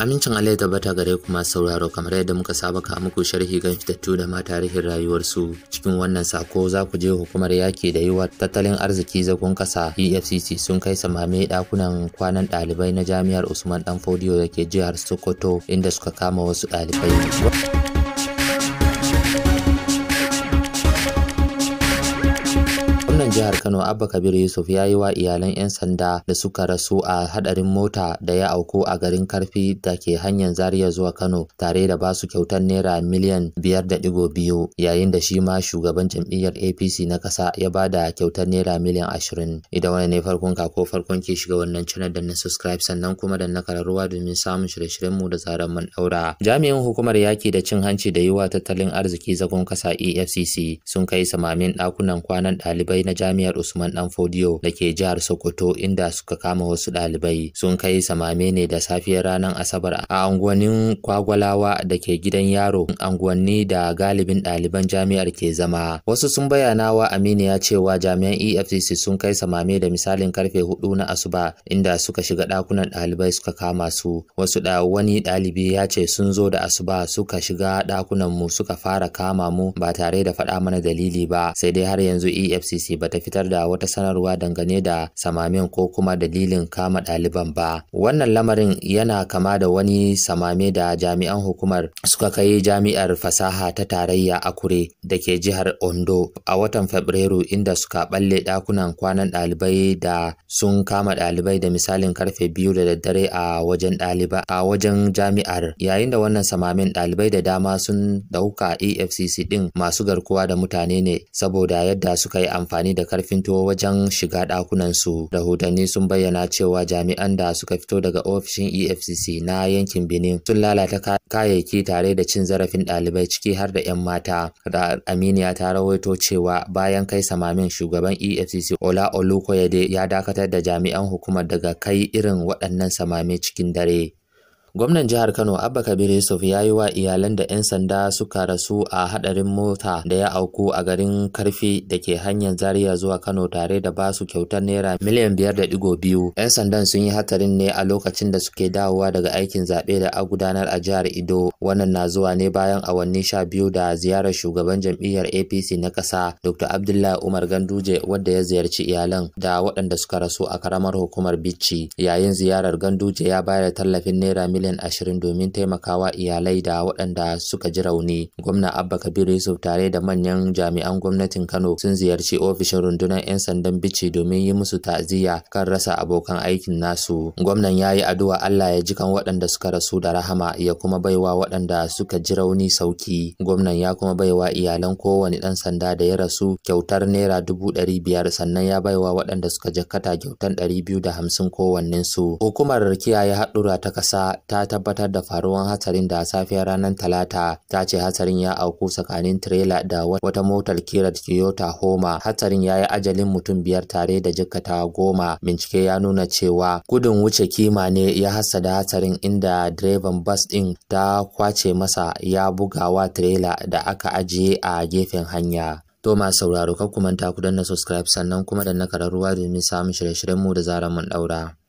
Amincin Allah ya tabbata gare ku masu sauraro kamar yadda muka saba ka muku sharhi gan fitattu da ma tarihin rayuwarsu cikin wannan sako za ku je hukumar yaki da yiwa tattalin arziki zagon kasa EFCC sun kai samame dakunan kwanan dalibai na jami'ar Usman Danfodiyo da ke jihar Sokoto inda suka kama wasu dalibai. gwamnan jihar Kano Abba Kabir Yusuf ya yi wa iyalan 'yan sanda da suka rasu a hadarin mota da ya auku a garin Karfi da ke hanyar Zaria zuwa Kano tare da basu kyautar naira miliyan 5.2 yayin da shi ma shugaban jam'iyyar APC na kasa ya ba da kyautar naira miliyan 20 idan wani ne farkon ka ko farkon ke shiga wannan channel da na subscribe sannan kuma da na kararruwa domin samun shirye-shiryen mu da tsaron man daura jami'in hukumar yaki da cin hanci da yiwa tattalin arziki zagon kasa EFCC sun kai samamin ɗakunan kwanan ɗalibai na jami'a jami'ar Usman Dan Fodiyo da ke jihar Sokoto inda suka kama wasu ɗalibai sun kai samame ne da safiyar ranar Asabar a unguwannin Kwagwalawa da ke gidan yaro unguwanni da galibin ɗaliban jami'ar ke zama. Wasu sun bayyana wa Aminiya cewa jami'an EFCC sun kai samame da misalin karfe hudu na asuba inda suka shiga ɗakunan ɗalibai suka kama su. Wasu da wani ɗalibi ya ce sun zo da asuba suka shiga ɗakunan mu suka fara kama mu ba tare da faɗa mana dalili ba sai dai har yanzu EFCC ba bata fitar da wata sanarwa dangane da samamin ko kuma dalilin kama ɗaliban ba. Wannan lamarin yana kama da wani samame da jami'an hukumar suka kai jami'ar fasaha ta tarayya Akure da ke jihar Ondo a watan Fabrairu inda suka balle ɗakunan kwanan ɗalibai da sun kama ɗalibai da misalin karfe biyu da daddare a wajen ɗaliba a wajen jami'ar yayin da wannan samamin ɗalibai da dama sun ɗauka EFCC ɗin masu garkuwa da mutane ne saboda yadda suka yi amfani da da karfin tuwo wajen shiga ɗakunansu. Rahotanni sun bayyana cewa jami'an da suka fito daga ofishin EFCC na yankin Benin sun lalata kayayyaki tare da cin zarafin ɗalibai ciki har da 'yan mata. Da Aminiya ta rawaito cewa bayan kai samamin shugaban EFCC Ola Olukoyede ya dakatar da jami'an hukumar daga kai irin waɗannan samame cikin dare. Gwamnan jihar Kano Abba Kabir Yusuf ya yi wa iyalan da 'yan sanda suka rasu a hadarin mota da ya auku a garin Karfi da ke hanyar Zaria zuwa Kano tare da ba su kyautar naira miliyan biyar da digo biyu. 'Yan sandan sun yi hatarin ne a lokacin da suke dawowa daga aikin zaɓe da a gudanar a jihar Ido. Wannan na zuwa ne bayan awanni sha biyu da ziyarar shugaban jam'iyyar APC na ƙasa Dr. Abdullahi Umar Ganduje wadda ya ziyarci iyalan da waɗanda suka rasu a karamar hukumar Bichi. Yayin ziyarar Ganduje ya bayar da tallafin naira miliyan 20 domin taimakawa iyalai da waɗanda suka ji rauni. Gwamna Abba Kabir Yusuf tare da manyan jami'an gwamnatin Kano sun ziyarci ofishin rundunar 'yan sandan Bichi domin yi musu ta'aziyya kan rasa abokan aikin nasu. Gwamnan ya yi addu'a Allah ya ji kan waɗanda suka rasu da rahama ya kuma baiwa waɗanda suka ji rauni sauki. Gwamnan ya kuma baiwa iyalan kowane ɗan sanda da ya rasu kyautar naira dubu ɗari biyar sannan ya baiwa waɗanda suka jakkata kyautar ɗari biyu da hamsin kowanne su. Hukumar kiyaye haɗura ta ƙasa ta tabbatar da faruwan hatsarin da safiyar ranar talata ta ce hatsarin ya auku tsakanin tirela da wata motar kirar toyota homa hatsarin ya yi ajalin mutum biyar tare da jikkata goma bincike ya nuna cewa gudun wuce kima ne ya hassada hatsarin inda direban bas din ta kwace masa ya buga wa tirela da aka ajiye a gefen hanya To ma sauraro kar ku manta ku danna subscribe sannan kuma danna kararruwa domin samun shirye shiryen mu da zarar mun daura.